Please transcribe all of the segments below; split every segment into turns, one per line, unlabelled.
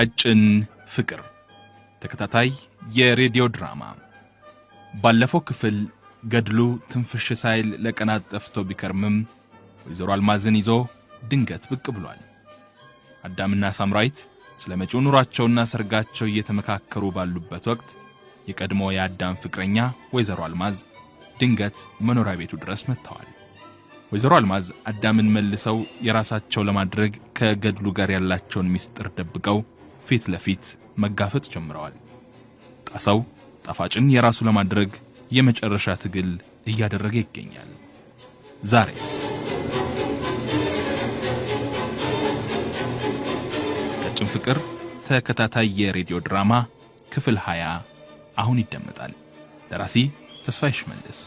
ቀጭን ፍቅር ተከታታይ የሬዲዮ ድራማ። ባለፈው ክፍል ገድሉ ትንፍሽ ሳይል ለቀናት ጠፍቶ ቢከርምም ወይዘሮ አልማዝን ይዞ ድንገት ብቅ ብሏል። አዳምና ሳምራይት ስለ መጪው ኑሯቸውና ሰርጋቸው እየተመካከሩ ባሉበት ወቅት የቀድሞ የአዳም ፍቅረኛ ወይዘሮ አልማዝ ድንገት መኖሪያ ቤቱ ድረስ መጥተዋል። ወይዘሮ አልማዝ አዳምን መልሰው የራሳቸው ለማድረግ ከገድሉ ጋር ያላቸውን ምስጢር ደብቀው ፊት ለፊት መጋፈጥ ጀምረዋል። ጣሳው ጣፋጭን የራሱ ለማድረግ የመጨረሻ ትግል እያደረገ ይገኛል። ዛሬስ ቀጭን ፍቅር ተከታታይ የሬዲዮ ድራማ ክፍል 20 አሁን ይደመጣል። ደራሲ ተስፋዬ ሽመልስ፣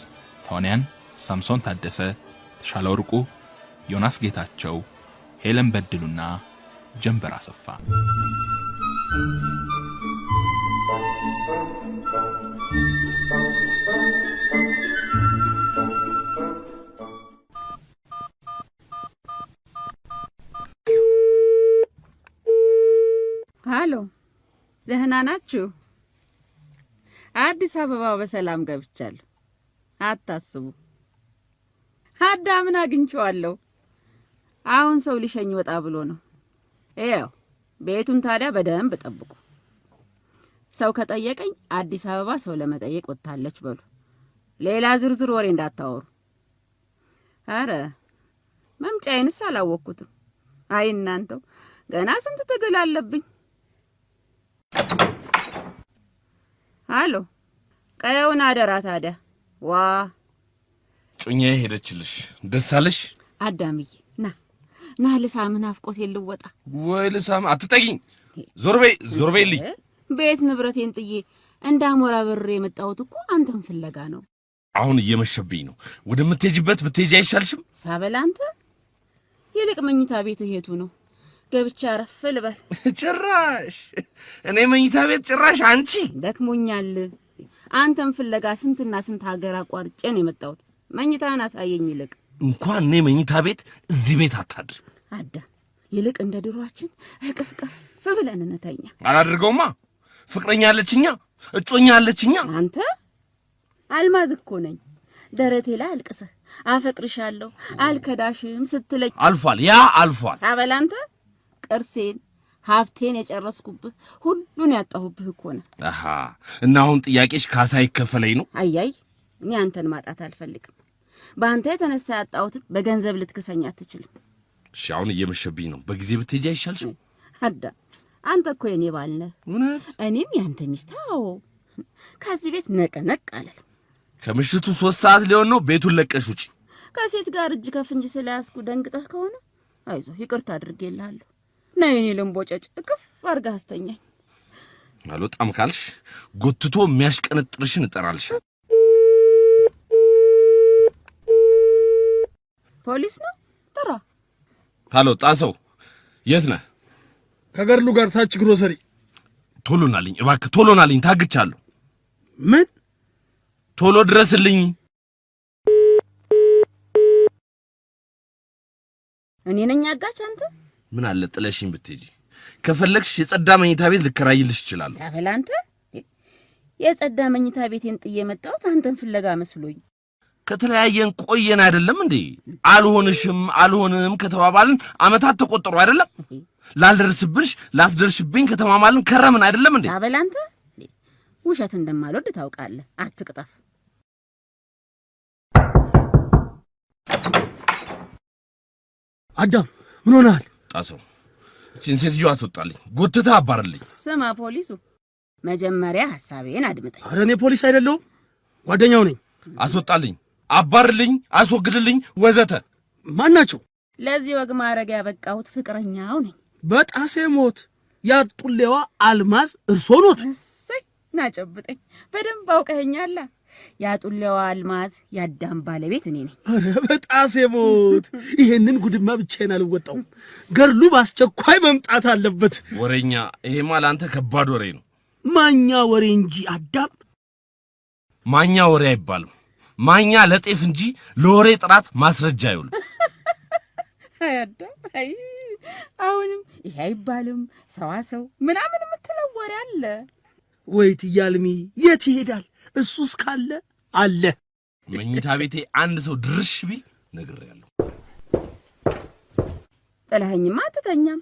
ተዋንያን ሳምሶን ታደሰ፣ ተሻለ ወርቁ፣ ዮናስ ጌታቸው፣ ሄለን በድሉና ጀንበር አሰፋ ሀሎ፣
ደህና ናችሁ? አዲስ አበባ በሰላም ገብቻለሁ። አታስቡ፣ አዳምን አግኝቼዋለሁ። አሁን ሰው ሊሸኝ ወጣ ብሎ ነው። ያው ቤቱን ታዲያ በደንብ ጠብቁ። ሰው ከጠየቀኝ አዲስ አበባ ሰው ለመጠየቅ ወጥታለች በሉ። ሌላ ዝርዝር ወሬ እንዳታወሩ። አረ መምጫዬንስ አላወቅኩትም። አይ እናንተው ገና ስንት ትግል አለብኝ። አሎ ቀየውን አደራ ታዲያ ዋ
ጩኜ ሄደችልሽ ደሳለሽ
አዳምዬ ና ልሳምህ፣ ናፍቆት የልወጣ
ወይ ልሳም አትጠጊኝ። ዞር በይ ዞር በይልኝ።
ቤት ንብረቴን ጥዬ እንደ አሞራ በሬ የመጣሁት እኮ አንተን ፍለጋ ነው።
አሁን እየመሸብኝ ነው። ወደምትሄጂበት ብትሄጂ አይሻልሽም?
ሳበላ አንተ ይልቅ መኝታ ቤት እሄቱ ነው ገብቻ አረፍ ልበል።
ጭራሽ እኔ መኝታ ቤት ጭራሽ አንቺ
ደክሞኛል። አንተን ፍለጋ ስንትና ስንት ሀገር አቋርጬ ነው የመጣሁት። መኝታህን አሳየኝ። ይልቅ
እንኳን እኔ መኝታ ቤት እዚህ ቤት አታድር
አዳም ይልቅ እንደ ድሯችን እቅፍቅፍ ብለን እንተኛ።
አላደርገውማ። ፍቅረኛ አለችኛ፣ እጮኛ አለችኛ።
አንተ አልማዝ እኮ ነኝ። ደረቴ ላይ አልቅሰህ አፈቅርሻለሁ አልከዳሽም ስትለኝ
አልፏል። ያ አልፏል
ሳበላ አንተ ቅርሴን ሀብቴን የጨረስኩብህ ሁሉን ያጣሁብህ እኮ ነህ።
አሃ እና አሁን ጥያቄሽ ካሳ ይከፈለኝ ነው?
አያይ እኔ አንተን ማጣት አልፈልግም። በአንተ የተነሳ ያጣሁትን በገንዘብ ልትክሰኝ አትችልም።
እሺ፣ አሁን እየመሸብኝ ነው። በጊዜ ብትሄጂ አይሻልሽም?
አዳ አንተ እኮ የኔ ባል ነህ። እውነት? እኔም ያንተ ሚስት። አዎ፣ ከዚህ ቤት ነቀ ነቅ አለል።
ከምሽቱ ሶስት ሰዓት ሊሆን ነው። ቤቱን ለቀሽ ውጪ።
ከሴት ጋር እጅ ከፍንጅ ስለያዝኩ ደንግጠህ ከሆነ አይዞህ፣ ይቅርታ አድርጌልሃለሁ። ና የኔ ልንቦጨጭ፣ እቅፍ አድርገህ አስተኛኝ።
አልወጣም ካልሽ ጎትቶ የሚያሽቀነጥርሽን እጠራልሽ።
ፖሊስ ነው ጥራ።
ሃሎ ጣሰው፣ የት ነህ? ከገድሉ ጋር ታች ግሮሰሪ። ቶሎናልኝ እባክህ ቶሎናልኝ፣ ታግቻለሁ። ምን? ቶሎ ድረስልኝ።
እኔ ነኝ አጋች። አንተ
ምን አለ ጥለሽኝ ብትሄጂ። ከፈለግሽ የጸዳ መኝታ ቤት ልከራይልሽ እችላለሁ።
ሰብል አንተ የጸዳ መኝታ ቤቴን ጥዬ መጣሁት አንተን ፍለጋ መስሎኝ
ከተለያየን ቆየን አይደለም እንዴ? አልሆንሽም አልሆንም ከተባባልን አመታት ተቆጠሩ አይደለም? ላልደርስብሽ ላትደርሽብኝ ከተማማልን ከረምን አይደለም እንዴ?
አበል አንተ ውሸት እንደማልወድ ታውቃለህ። አትቅጠፍ።
አዳም ምን ሆነሃል?
ጣሶ እችን ሴትዮ አስወጣልኝ፣ ጎትታ አባርልኝ።
ስማ ፖሊሱ፣ መጀመሪያ ሀሳቤን አድምጠኝ።
ኧረ እኔ ፖሊስ አይደለሁም ጓደኛው ነኝ።
አስወጣልኝ አባርልኝ፣ አስወግድልኝ፣ ወዘተ
ማን ናቸው?
ለዚህ ወግ ማድረግ ያበቃሁት ፍቅረኛው ነኝ።
በጣሴ ሞት ያጡሌዋ አልማዝ እርሶ ኖት?
እሰይ ናጨብጠኝ፣ በደንብ አውቀኸኛላ። ያጡሌዋ አልማዝ የአዳም ባለቤት እኔ ነኝ።
ኧረ በጣሴ ሞት ይሄንን ጉድማ ብቻዬን አልወጣውም። ገርሉ በአስቸኳይ መምጣት አለበት።
ወሬኛ፣ ይሄማ ለአንተ ከባድ ወሬ ነው።
ማኛ ወሬ እንጂ አዳም
ማኛ ወሬ አይባልም። ማኛ ለጤፍ እንጂ ለወሬ ጥራት ማስረጃ አይውልም።
አሁንም ይሄ አይባልም ሰዋሰው ምናምን የምትለው ወሬ አለ
ወይ? ትያልሚ የት ይሄዳል? እሱስ ካለ አለ።
መኝታ ቤቴ አንድ ሰው ድርሽ ቢል ነግሬያለሁ።
ጥለኸኝማ አትተኛም።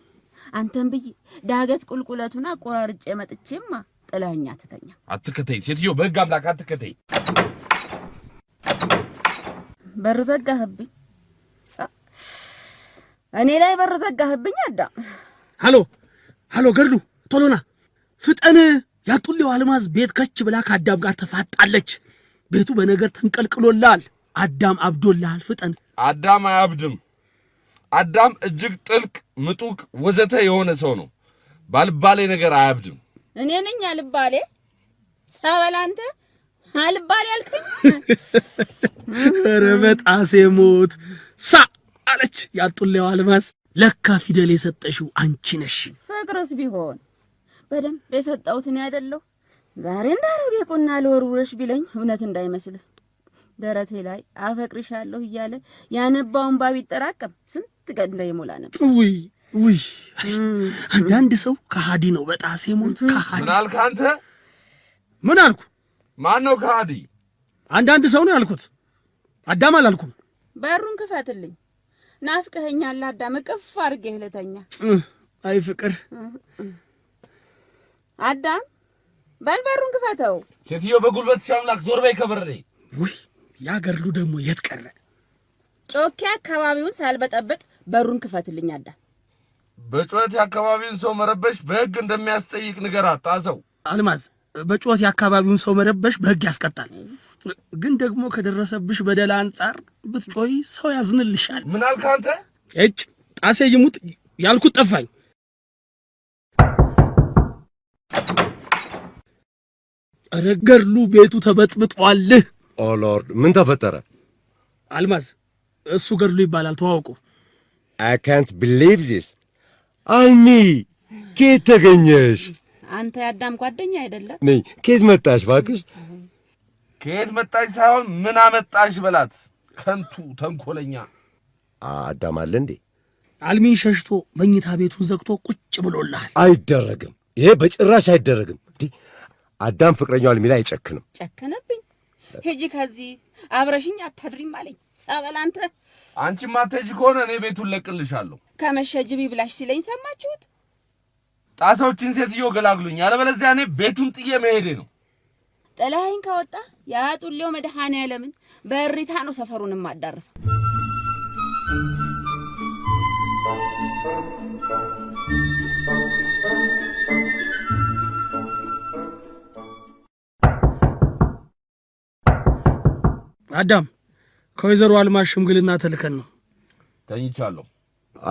አንተን ብዬ ዳገት ቁልቁለቱን አቆራርጬ መጥቼማ ጥለኸኝ አትተኛም።
አትከተይ ሴትዮ፣ በሕግ አምላክ አትከተይ።
በር ዘጋህብኝ። እኔ ላይ በር ዘጋህብኝ። አዳም
ሀሎ፣ ሀሎ፣ ገድሉ ቶሎና ፍጠን። ያጡሌው አልማዝ ቤት ከች ብላ ከአዳም ጋር ተፋጣለች። ቤቱ በነገር ተንቀልቅሎላል። አዳም አብዶላል ፍጠን።
አዳም አያብድም። አዳም እጅግ ጥልቅ፣ ምጡቅ፣ ወዘተ የሆነ ሰው ነው። ባልባሌ ነገር አያብድም።
እኔ ነኝ አልባሌ ሰበል አንተ አልባል ያልክኝ።
ኧረ በጣሴ ሞት ሳ አለች ያጡሌው አልማዝ። ለካ ፊደል የሰጠሽው አንቺ ነሽ።
ፍቅርስ ቢሆን በደንብ የሰጠሁት እኔ አይደለሁ። ዛሬ እንዳረግ የቁና ልወርውረሽ ቢለኝ እውነት እንዳይመስል ደረቴ ላይ አፈቅርሻለሁ እያለ ያነባውን ባብ ይጠራቀም ስንት ቀን እንደይሞላ ነበር።
ውይ ውይ፣ አንዳንድ ሰው ከሀዲ ነው። በጣሴ ሞት ከሀዲ ምን አልክ አንተ? ምን አልኩ
ማን ነው ከሃዲ?
አንዳንድ ሰው ነው ያልኩት፣ አዳም አላልኩም።
በሩን ክፈትልኝ፣ ናፍቀኸኛል አዳም። እቅፍ አድርጌህ ልተኛ። አይ ፍቅር አዳም፣ በል በሩን ክፈተው።
ሴትዮ በጉልበት ሻምላክ ዞር በይ ከበሬ።
ውይ ያ ገርሉ ደግሞ የት ቀረ?
ጮኬ አካባቢውን ሳልበጠብጥ በሩን ክፈትልኝ አዳም።
በጩኸት የአካባቢውን ሰው መረበሽ በሕግ እንደሚያስጠይቅ ንገራት። ታሰው
አልማዝ በጩኸት የአካባቢውን ሰው መረበሽ በህግ ያስቀጣል። ግን ደግሞ ከደረሰብሽ በደል አንጻር ብትጮይ ሰው ያዝንልሻል። ምን አልክ አንተ? እጭ ጣሴ ይሙት ያልኩት ጠፋኝ። ኧረ ቤቱ ተበጥብጧል።
ኦሎርድ ምን ተፈጠረ?
አልማዝ እሱ ገድሉ ይባላል። ተዋውቁ።
አይ ካንት ቢሊቭ ዚስ አልሚ፣ ኬት ተገኘሽ?
አንተ ያዳም ጓደኛ አይደለም?
ነይ ከየት መጣሽ እባክሽ። ከየት መጣሽ ሳይሆን ምን አመጣሽ በላት። ከንቱ ተንኮለኛ። አዳም አለ እንዴ?
አልሚን ሸሽቶ መኝታ ቤቱን ዘግቶ ቁጭ ብሎልሃል።
አይደረግም፣ ይሄ በጭራሽ አይደረግም። እንዲህ አዳም ፍቅረኛው አልሚ ላይ አይጨክንም።
ጨከነብኝ። ሄጂ ከዚህ አብረሽኝ አታድሪም አለኝ። ሰበል አንተ
አንቺ ማትሄጂ ከሆነ እኔ ቤቱን ለቅልሻለሁ።
ከመሸ ጅብ ይብላሽ ሲለኝ ሰማችሁት።
ጣሳዎችን ሴትዮ ገላግሉኝ፣ ያለበለዚያ እኔ ቤቱን ጥዬ መሄዴ ነው።
ጥለኸኝ ከወጣ የአጡሌው ጡሌው መድኃኔዓለምን በእሪታ ነው ሰፈሩን አዳርሰው።
አዳም ከወይዘሮ አልማሽ ሽምግልና ተልከን ነው።
ተኝቻለሁ።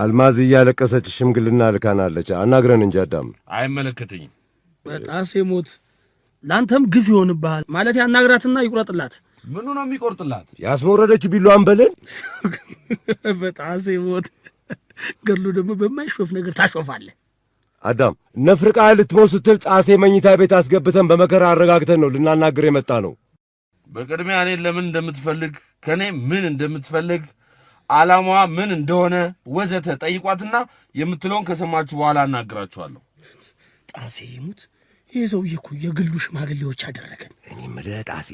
አልማዝ እያለቀሰች ሽምግልና ልካናለች። አናግረን እንጂ አዳም፣ አይመለከተኝም።
በጣሴ ሞት ለአንተም ግፍ ይሆንብሃል። ማለት ያናግራትና ይቁረጥላት።
ምኑ ነው የሚቆርጥላት?
ያስመወረደችው ቢሉ በልን። በጣሴ ሞት ገድሎ ደግሞ በማይሾፍ ነገር ታሾፋለህ።
አዳም ነፍርቃ ልትሞት ስትል ጣሴ መኝታ ቤት አስገብተን በመከራ አረጋግተን ነው ልናናግር የመጣ ነው። በቅድሚያ እኔን ለምን እንደምትፈልግ ከእኔ ምን እንደምትፈልግ ዓላማዋ ምን እንደሆነ ወዘተ ጠይቋትና የምትለውን ከሰማችሁ በኋላ እናገራችኋለሁ።
ጣሴ ይሙት ይህ ሰውዬ እኮ የግሉ ሽማግሌዎች አደረገን።
እኔ የምልህ ጣሴ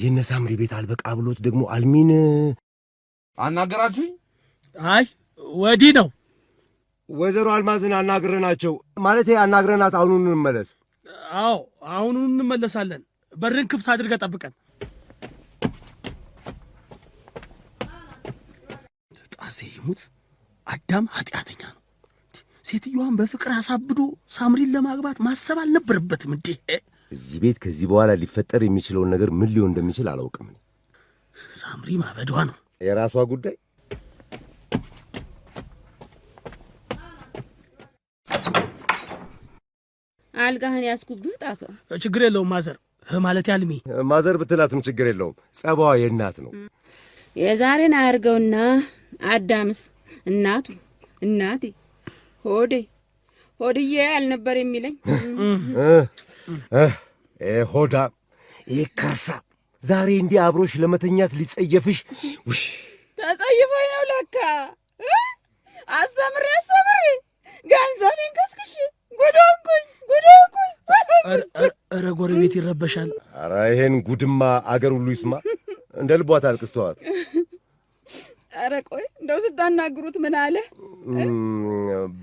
የእነ ሳምሪ ቤት አልበቃ ብሎት ደግሞ አልሚን አናገራችሁኝ?
አይ ወዲህ ነው።
ወይዘሮ አልማዝን አናግረናቸው ማለት አናግረናት፣ አሁኑን እንመለስ።
አዎ አሁኑን እንመለሳለን። በርን ክፍት አድርገ ጠብቀን። ራሴ ይሙት አዳም ኃጢአተኛ ነው። ሴትዮዋን በፍቅር አሳብዶ ሳምሪን ለማግባት ማሰብ አልነበረበትም እንዴ!
እዚህ ቤት ከዚህ በኋላ ሊፈጠር የሚችለውን ነገር ምን ሊሆን እንደሚችል አላውቅም።
ሳምሪ ማበዷ ነው
የራሷ ጉዳይ።
አልጋህን ያስኩብህ ጣሰው።
ችግር የለውም ማዘር ማለት ያልሚ
ማዘር ብትላትም ችግር የለውም። ጸባዋ የእናት ነው።
የዛሬን አያርገውና አዳምስ እናቱ እናቴ ሆዴ ሆድዬ አልነበር የሚለኝ
ሆዳ ይካሳ ዛሬ እንዲህ አብሮሽ ለመተኛት ሊጸየፍሽ ውሽ
ተጸይፎኝ ነው ለካ። አስተምሬ አስተምሬ ገንዘቤን ከስክሽ ጉዶንኩኝ ጉዶንኩኝ።
ኧረ ጎረቤት ይረበሻል።
ኧረ ይሄን ጉድማ አገር ሁሉ ይስማ። እንደ ልቧት አልቅስተዋት
ኧረ ቆይ እንደው ስታናግሩት ምን አለ?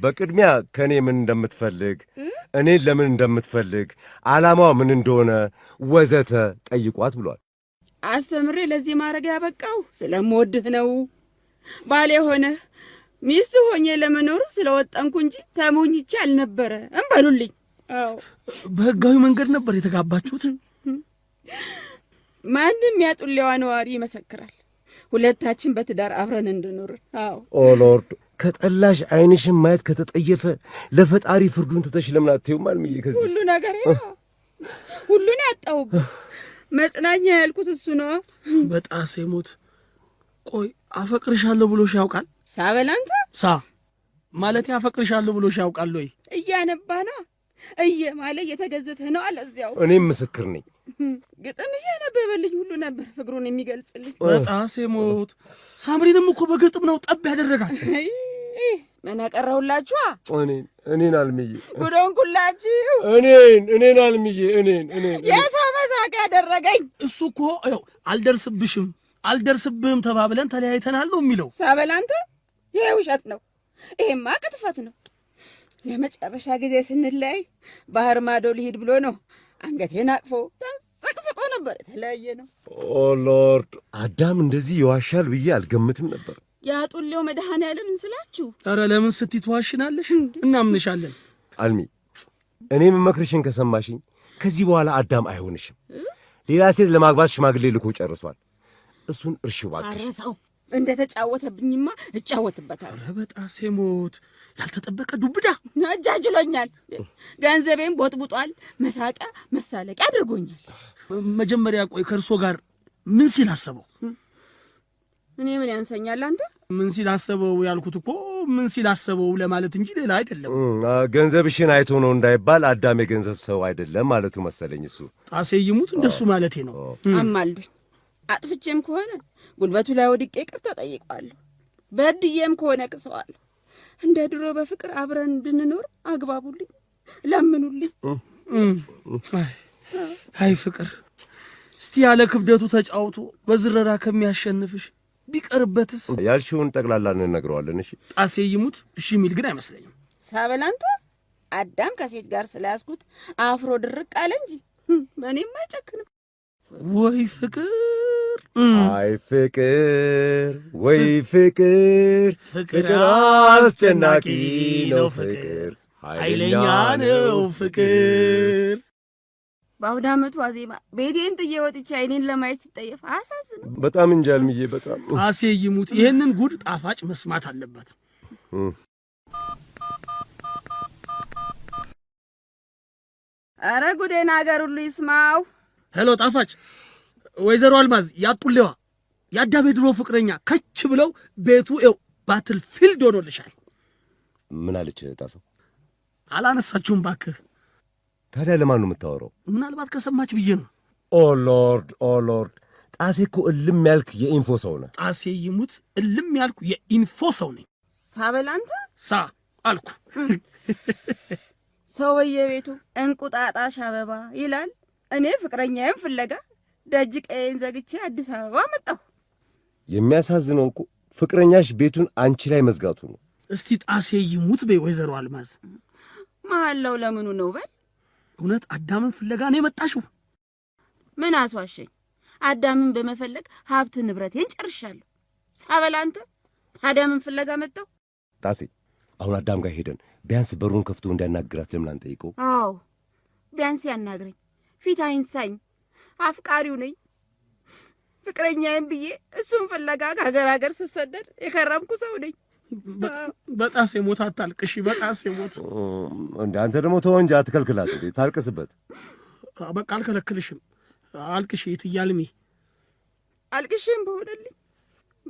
በቅድሚያ ከእኔ ምን እንደምትፈልግ፣ እኔን ለምን እንደምትፈልግ፣ ዓላማው ምን እንደሆነ ወዘተ ጠይቋት ብሏል።
አስተምሬ ለዚህ ማድረግ ያበቃው ስለምወድህ ነው። ባሌ የሆነህ ሚስት ሆኜ ለመኖር ስለወጠንኩ እንጂ ተሞኝቼ አልነበረ። እንበሉልኝ።
በህጋዊ መንገድ ነበር የተጋባችሁት።
ማንም ያጡሌዋ ነዋሪ ይመሰክራል። ሁለታችን በትዳር አብረን እንድኖር። አዎ
ኦሎርድ ከጠላሽ አይንሽን ማየት ከተጠየፈ ለፈጣሪ ፍርዱን ትተሽ ለምን አትይው? ማልምዬ ከዚህ
ሁሉ ነገር ሁሉን ያጣውብ መጽናኛ ያልኩት እሱ ነው።
በጣሴ ሞት ቆይ አፈቅርሻለሁ ብሎሽ ያውቃል? ሳ በላንተ ሳ ማለት አፈቅርሻለሁ ብሎሽ ያውቃል ወይ?
እያነባና እየ ማለ እየተገዘተህ ነው አለ እዚያው።
እኔም ምስክር ነኝ።
ግጥም እያነበበልኝ ሁሉ ነበር ፍቅሩን የሚገልጽልኝ።
በጣም ሞት ሳምሪንም እኮ በግጥም ነው ጠብ ያደረጋል።
ምን ያቀረሁላችኋ?
እኔን እኔን አልምዬ
ጉዶን ጉዶንኩላችሁ።
እኔን እኔን አልምዬ እኔን እኔን
የሰው መሳቅ ያደረገኝ
እሱ እኮ ው አልደርስብሽም አልደርስብህም ተባብለን ተለያይተናል ነው የሚለው
ሳበላንተ አንተ ይሄ ውሸት ነው። ይሄማ ቅጥፈት ነው። ለመጨረሻ ጊዜ ስንለያይ ባህር ማዶ ሊሄድ ብሎ ነው አንገቴን አቅፎ ሰቅስቆ ነበር የተለያየ ነው።
ኦ ሎርድ አዳም እንደዚህ ይዋሻል ብዬ አልገምትም ነበር።
ያጡሌው መድኃኔዓለም እንስላችሁ።
ኧረ ለምን ስትይ ትዋሽናለሽ? እናምንሻለን።
አልሚ እኔ ምመክርሽን ከሰማሽኝ ከዚህ በኋላ አዳም አይሆንሽም። ሌላ ሴት ለማግባት ሽማግሌ ልኮ ጨርሷል። እሱን እርሺው
እባክሽ። እንደ ተጫወተብኝማ እጫወትበታል።
ኧረ በጣም ሴሞት ያልተጠበቀ ዱብዳ
እጃጅሎኛል። ገንዘቤም ቦጥቡጧል። መሳቂያ መሳለቂያ አድርጎኛል።
መጀመሪያ ቆይ ከእርሶ ጋር ምን ሲል አሰበው?
እኔ ምን ያንሰኛል? አንተ
ምን ሲል አሰበው ያልኩት እኮ ምን ሲል አሰበው ለማለት እንጂ ሌላ አይደለም።
ገንዘብሽን አይቶ ነው እንዳይባል አዳሜ ገንዘብ ሰው አይደለም ማለቱ መሰለኝ። እሱ
ጣሴ ይሙት እንደሱ ማለቴ ነው።
አማልዱኝ አጥፍቼም ከሆነ ጉልበቱ ላይ ወድቄ ይቅርታ ጠይቀዋለሁ። በድዬም ከሆነ ቅሰዋለሁ። እንደ ድሮ በፍቅር አብረን እንድንኖር አግባቡልኝ፣ ለምኑልኝ።
አይ ፍቅር እስቲ ያለ ክብደቱ ተጫውቶ በዝረራ ከሚያሸንፍሽ ቢቀርበትስ?
ያልሽውን ጠቅላላ እንነግረዋለን። እሺ
ጣሴ ይሙት እሺ የሚል ግን አይመስለኝም።
ሳበላንቶ አዳም ከሴት ጋር ስለያዝኩት አፍሮ ድርቅ አለ እንጂ እኔም አይጨክንም።
ወይ ፍቅር
አይ ፍቅር ወይ ፍቅር ፍቅር አስጨናቂ ነው ፍቅር
ኃይለኛ ነው ፍቅር።
በአውደ ዓመቱ ዋዜማ ቤቴን ጥዬ ወጥቼ አይኔን ለማየት ሲጠየፍ አሳዝነ
በጣም እንጃ አልምዬ፣ በጣም
ጣሴ ይሙት ይህንን ጉድ ጣፋጭ መስማት አለበት።
አረ ጉዴን አገር ሁሉ ይስማው።
ሄሎ ጣፋጭ፣ ወይዘሮ አልማዝ ያጡሌዋ የአዳም ድሮ ፍቅረኛ ከች ብለው ቤቱ ው ባትል ፊልድ ሆኖልሻል።
ምን አለች ጣሰው?
አላነሳችሁም ባክህ።
ታዲያ ለማን ነው የምታወራው?
ምናልባት ከሰማች ብዬ ነው።
ኦ ሎርድ፣ ኦ ሎርድ። ጣሴ እኮ እልም ያልክ የኢንፎ ሰው ነህ።
ጣሴ ይሙት፣ እልም ያልኩ የኢንፎ ሰው ነኝ። ሳበላንተ ሳ አልኩ።
ሰው በየቤቱ እንቁጣጣሽ አበባ ይላል እኔ ፍቅረኛዬም ፍለጋ ደጅ ቀዬን ዘግቼ አዲስ አበባ መጣሁ።
የሚያሳዝነው እኮ ፍቅረኛሽ ቤቱን አንቺ ላይ መዝጋቱ ነው።
እስቲ ጣሴ ይሙት በይ ወይዘሮ አልማዝ
መሐላው ለምኑ ነው በል።
እውነት አዳምን ፍለጋ ነው የመጣሽው?
ምን አስዋሸኝ? አዳምን በመፈለግ ሀብት ንብረቴን ጨርሻለሁ። ሳበላ አንተ አዳምን ፍለጋ መጣሁ።
ጣሴ አሁን አዳም ጋር ሄደን ቢያንስ በሩን ከፍቶ እንዳናግራት ለምን አንጠይቀው?
አዎ ቢያንስ ያናግረኝ። ፊት አይንሳኝ። አፍቃሪው ነኝ ፍቅረኛዬን ብዬ እሱን ፍለጋ ከሀገር ሀገር ስሰደድ የከረምኩ ሰው ነኝ።
በጣሴ ሞት አታልቅሽ። በጣሴ ሞት
እንደ አንተ ደግሞ ተወው እንጂ አትከልክላት። ታልቅስበት
በቃ አልከለክልሽም። አልቅሽ ትያልሚ
አልቅሽም በሆነልኝ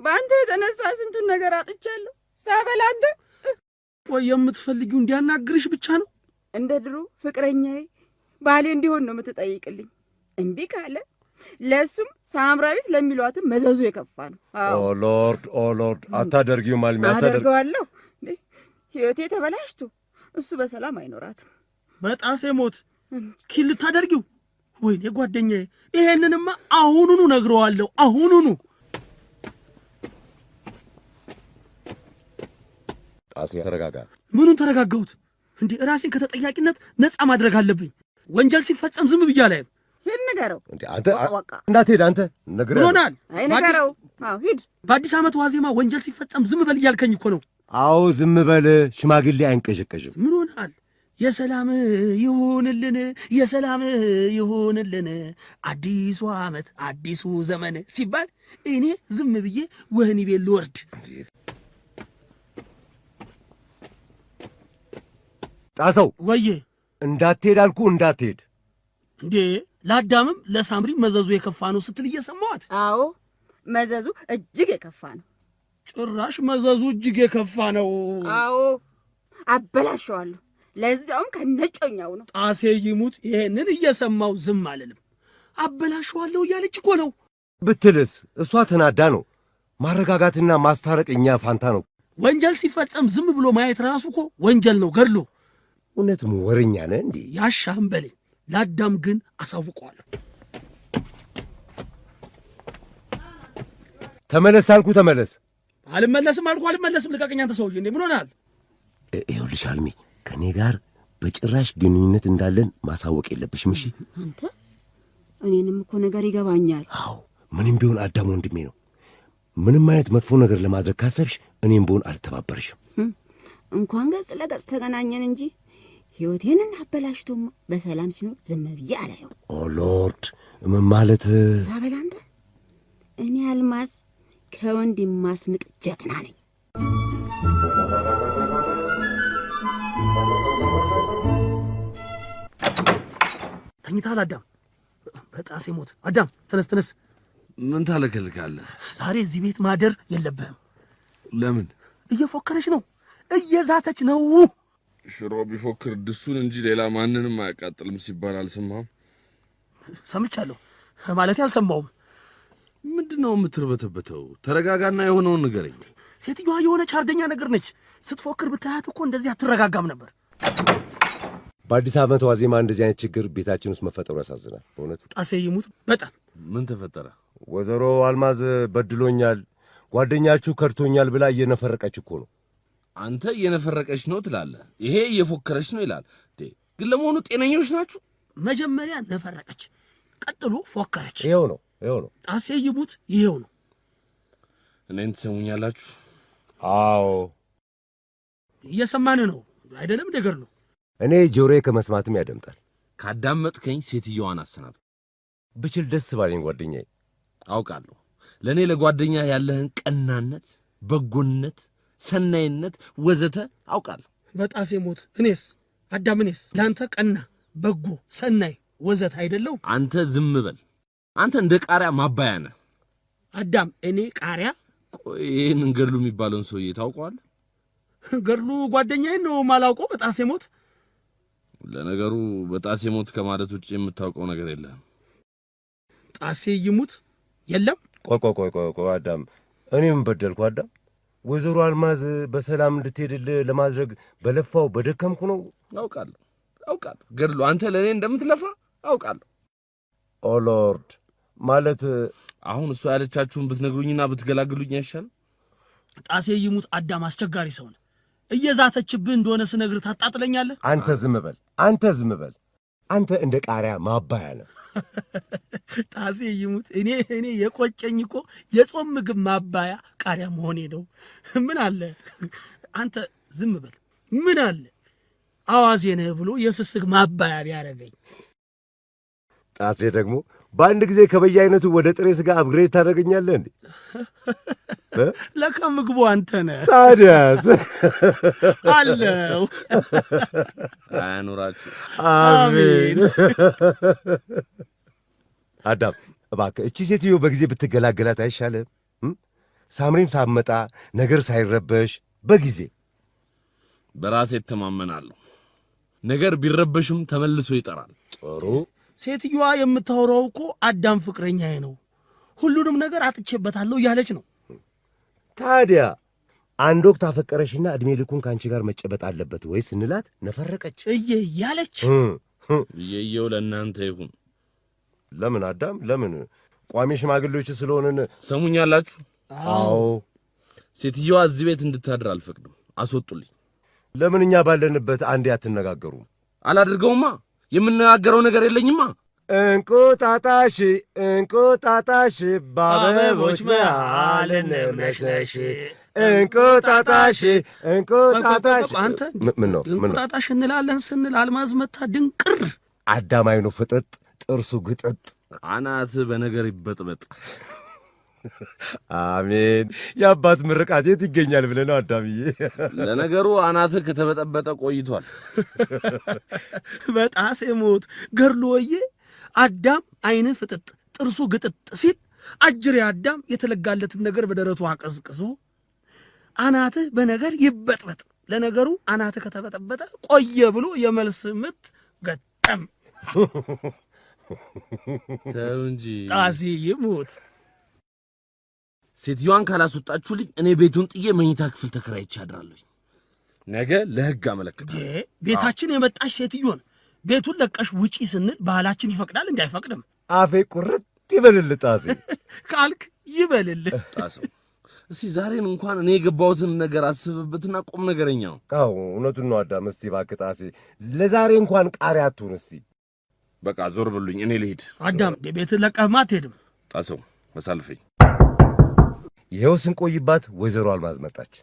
በአንተ የተነሳ ስንቱን ነገር አጥቻለሁ። ሳበላ አንተ
ወይ የምትፈልጊው እንዲያናግርሽ ብቻ ነው
እንደ ድሮ ፍቅረኛዬ ባሌ እንዲሆን ነው የምትጠይቅልኝ። እምቢ ካለ ለእሱም ሳምራዊት ለሚሏትም መዘዙ የከፋ ነው።
ኦ ሎርድ አታደርጊው ማልሚ፣
አደርገዋለሁ። ህይወቴ ተበላሽቶ እሱ በሰላም አይኖራትም።
በጣሴ ሞት ኪል ልታደርጊው? ወይኔ ጓደኛዬ፣ ይሄንንማ አሁኑኑ ነግረዋለሁ፣ አሁኑኑ።
ጣሴ ተረጋጋ።
ምኑን ተረጋጋሁት እንዴ? ራሴን ከተጠያቂነት ነፃ ማድረግ አለብኝ። ወንጀል ሲፈጸም ዝም ብያ ላይ
ሂድ ንገረው።
እንዳትሄድ አንተ
ብሎናል። ሂድ። በአዲስ ዓመት ዋዜማ ወንጀል ሲፈጸም ዝም በል እያልከኝ እኮ ነው።
አዎ ዝም በል ሽማግሌ አይንቀዠቀዥም።
ምን ሆናል? የሰላም ይሁንልን፣ የሰላም ይሁንልን፣ አዲሱ ዓመት አዲሱ ዘመን ሲባል እኔ ዝም ብዬ ወህኒ ቤት ልወርድ። ጣሰው ወዬ
እንዳትሄድ አልኩ እንዳትሄድ።
እንዴ ለአዳምም ለሳምሪ መዘዙ የከፋ ነው ስትል እየሰማዋት።
አዎ መዘዙ እጅግ የከፋ ነው።
ጭራሽ መዘዙ እጅግ የከፋ ነው።
አዎ አበላሸዋለሁ። ለዚያውም ከነጮኛው ነው።
ጣሴ ይሙት ይሄንን እየሰማው ዝም አልልም። አበላሸዋለሁ እያለች እኮ ነው
ብትልስ፣ እሷ ተናዳ ነው። ማረጋጋትና ማስታረቅ እኛ ፋንታ ነው።
ወንጀል ሲፈጸም ዝም ብሎ ማየት ራሱ እኮ ወንጀል ነው፣ ገድሎ
እውነትም ወረኛ ነህ እንዴ?
ያሻህን በለኝ። ለአዳም ግን አሳውቀዋለሁ።
ተመለስ አልኩ፣ ተመለስ።
አልመለስም አልኩ፣ አልመለስም። ልቀቀኝ አንተ ሰውዬ! እንዴ ምን ሆናል?
ይኸውልሽ አልሚ፣ ከእኔ ጋር በጭራሽ ግንኙነት እንዳለን ማሳወቅ የለብሽም እሺ?
አንተ እኔንም እኮ ነገር ይገባኛል።
አዎ ምንም ቢሆን አዳም ወንድሜ ነው። ምንም አይነት መጥፎ ነገር ለማድረግ ካሰብሽ እኔም ብሆን አልተባበርሽም።
እንኳን ገጽ ለገጽ ተገናኘን እንጂ ህይወቴንን አበላሽቶም በሰላም ሲኖር ዝም ብዬ አላየው።
ኦሎርድ ማለት እዛ
እኔ አልማዝ ከወንድ የማስንቅ ጀግና ነኝ።
ተኝታል አዳም፣ በጣሴ ሞት። አዳም ተነስ ተነስ።
ምን ታለከልካለህ?
ዛሬ እዚህ ቤት ማደር የለብህም። ለምን? እየፎከረች ነው፣ እየዛተች ነው።
ሽሮ ቢፎክር ድሱን እንጂ ሌላ ማንንም አያቃጥልም ሲባል አልሰማም?
ሰምቻለሁ ማለት አልሰማውም።
ምንድን ነው የምትርበተበተው? ተረጋጋና የሆነውን ንገረኝ።
ሴትዮዋ የሆነ ቻርደኛ ነገር ነች። ስትፎክር ብታያት እኮ እንደዚህ አትረጋጋም ነበር።
በአዲስ ዓመት ዋዜማ እንደዚህ አይነት ችግር ቤታችን ውስጥ መፈጠሩ ያሳዝናል። በእውነት
ጣሴ ይሙት። በጣም
ምን ተፈጠረ? ወይዘሮ አልማዝ በድሎኛል፣ ጓደኛችሁ ከድቶኛል ብላ እየነፈረቀች እኮ ነው አንተ እየነፈረቀች ነው ትላለ ይሄ እየፎከረች ነው ይላል። ግን ለመሆኑ ጤነኞች ናችሁ?
መጀመሪያ ነፈረቀች፣ ቀጥሎ ፎከረች።
ይኸው ነው ይኸው ነው
አሰይቡት፣ ይኸው ነው።
እኔን ትሰሙኛላችሁ? አዎ
እየሰማን ነው አይደለም? ነገር ነው።
እኔ ጆሮዬ ከመስማትም ያደምጣል። ካዳመጥከኝ ሴትየዋን አሰናብ ብችል ደስ ባለኝ ጓደኛዬ። አውቃለሁ ለእኔ ለጓደኛ ያለህን ቀናነት፣ በጎነት ሰናይነት፣ ወዘተ አውቃለሁ።
በጣሴ ሞት እኔስ አዳም እኔስ ለአንተ ቀና፣ በጎ፣ ሰናይ፣ ወዘተ አይደለሁ?
አንተ ዝም በል። አንተ እንደ ቃሪያ ማባያ ነህ
አዳም። እኔ ቃሪያ?
ቆይ ይህንን ገድሉ የሚባለውን ሰውዬ ታውቀዋል?
ገድሉ ጓደኛዬን ነው ማላውቀው። በጣሴ ሞት
ለነገሩ በጣሴ ሞት ከማለት ውጭ የምታውቀው ነገር የለም።
ጣሴ ይሙት የለም።
ቆይ ቆይ ቆይ ቆይ አዳም፣ እኔ ምን በደልኩ አዳም? ወይዘሮ አልማዝ በሰላም እንድትሄድል ለማድረግ በለፋው በደከምኩ ነው። አውቃለሁ አውቃለሁ ገድሎ አንተ ለእኔ እንደምትለፋ አውቃለሁ። ኦሎርድ ማለት አሁን እሷ ያለቻችሁን ብትነግሩኝና ብትገላግሉኝ አይሻልም?
ጣሴ ይሙት አዳም አስቸጋሪ ሰው እየዛተችብህ እንደሆነ ስነግር ታጣጥለኛለህ።
አንተ ዝም በል አንተ ዝም በል አንተ እንደ ቃሪያ ማባያ ነው።
ጣሴ ይሙት እኔ እኔ የቆጨኝ እኮ የጾም ምግብ ማባያ ቃሪያ መሆኔ ነው። ምን አለ አንተ ዝም በል። ምን አለ አዋዜ ነህ ብሎ የፍስግ ማባያ ቢያደርገኝ።
ጣሴ ደግሞ በአንድ ጊዜ ከበየ ወደ ጥሬ ስጋ አብግሬድ ታደርገኛለህ እንዴ?
ለካ ምግቡ አንተ ነህ።
ታዲያስ
አለው
አያኑራችሁ። አሜን። አዳም እባክህ እቺ ሴትዮ በጊዜ ብትገላገላት አይሻልም? ሳምሬም ሳመጣ ነገር ሳይረበሽ በጊዜ በራሴ እተማመናለሁ። ነገር ቢረበሽም ተመልሶ ይጠራል።
ጥሩ ሴትዮዋ የምታወራው እኮ አዳም ፍቅረኛዬ ነው፣ ሁሉንም ነገር አጥቼበታለሁ እያለች ነው።
ታዲያ አንድ ወቅት አፈቀረሽና እድሜ ልኩን ከአንቺ ጋር መጨበጥ አለበት ወይ ስንላት ነፈረቀች ያለች እየየው ለእናንተ ይሁን። ለምን አዳም ለምን ቋሚ ሽማግሌዎች ስለሆንን
ሰሙኛላችሁ? አዎ ሴትየዋ እዚህ ቤት እንድታድር አልፈቅድም። አስወጡልኝ።
ለምን እኛ ባለንበት አንዴ አትነጋገሩም?
አላድርገውማ። የምነጋገረው ነገር የለኝማ።
እንቁጣጣሽ እንቁጣጣሽ በአበቦች መሃል ነሽነሽ እንቁጣጣሽ እንቁጣጣሽ። አንተ ምነው ነው
እንቁጣጣሽ እንላለን ስንል አልማዝ መታ ድንቅር
አዳማይኑ ፍጥጥ ጥርሱ ግጥጥ አናት በነገር ይበጥበጥ። አሜን። የአባት ምርቃት የት ይገኛል ብለህ ነው አዳምዬ? ለነገሩ አናትህ ከተበጠበጠ ቆይቷል።
በጣሴ ሞት ገርሎ ወዬ አዳም አይን ፍጥጥ ጥርሱ ግጥጥ ሲል አጅሬ አዳም የተለጋለትን ነገር በደረቱ አቀዝቅዞ አናትህ በነገር ይበጥበጥ፣ ለነገሩ አናትህ ከተበጠበጠ ቆየ ብሎ የመልስ ምት ገጠም። ተው እንጂ ጣሴ ይሙት። ሴትዮዋን ካላስወጣችሁልኝ እኔ ቤቱን ጥዬ መኝታ ክፍል ተከራይቼ አድራለሁ።
ነገ ለህግ
አመለክታለሁ። ቤታችን የመጣች ሴትዮን ቤቱን ለቀሽ ውጪ ስንል ባህላችን ይፈቅዳል እንዲ አይፈቅድም?
አፌ ቁርጥ ይበልል ጣሴ
ካልክ ይበልል
ጣሰው። እስቲ ዛሬን እንኳን እኔ የገባሁትን ነገር አስብበትና ቁም ነገረኛ ነው። አዎ እውነቱን ነው አዳም። እስቲ እባክህ ጣሴ ለዛሬ እንኳን ቃሪ አትሁን። እስቲ በቃ ዞር ብሉኝ፣ እኔ ልሂድ።
አዳም ቤትህን ለቀህማ አትሄድም።
ጣሰው መሳልፈኝ። ይኸው ስንቆይባት ወይዘሮ አልማዝ መጣች።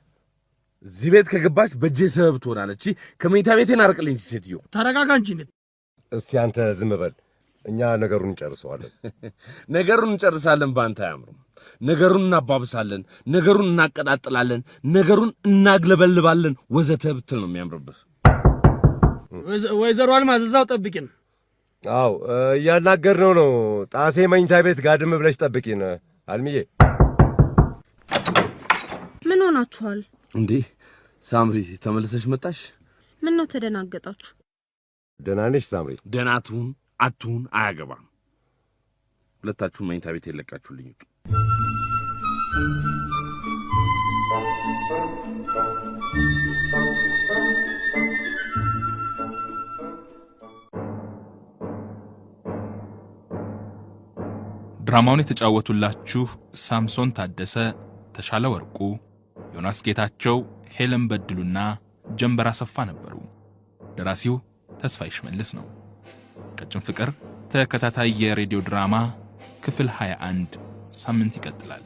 እዚህ ቤት ከገባች በእጄ ሰበብ ትሆናለች። ከመኝታ ቤቴን አርቅልኝ ሴትዮ። ተረጋጋ እንጂ። እስቲ አንተ ዝም በል፣ እኛ ነገሩን እንጨርሰዋለን። ነገሩን እንጨርሳለን በአንተ አያምርም። ነገሩን እናባብሳለን፣ ነገሩን እናቀጣጥላለን፣ ነገሩን እናግለበልባለን ወዘተ ብትል ነው የሚያምርብህ።
ወይዘሮ አልማዝ እዛው ጠብቂን።
አዎ እያናገርነው ነው። ጣሴ መኝታ ቤት ጋድም ብለሽ ጠብቂን። አልሚዬ
ምን ሆናችኋል?
እንዴ ሳምሪ ተመልሰሽ መጣሽ?
ምን ነው ተደናገጣችሁ?
ደህና ነሽ ሳምሪ?
ደህና ትሁን አትሁን አያገባም።
ሁለታችሁም መኝታ ቤት የለቃችሁልኝ ውጡ።
ድራማውን የተጫወቱላችሁ ሳምሶን ታደሰ፣ ተሻለ ወርቁ ዮናስ ጌታቸው፣ ሄለን በድሉና ጀንበር አሰፋ ነበሩ። ደራሲው ተስፋ ይሽመልስ ነው። ቀጭን ፍቅር ተከታታይ የሬዲዮ ድራማ ክፍል 21 ሳምንት ይቀጥላል።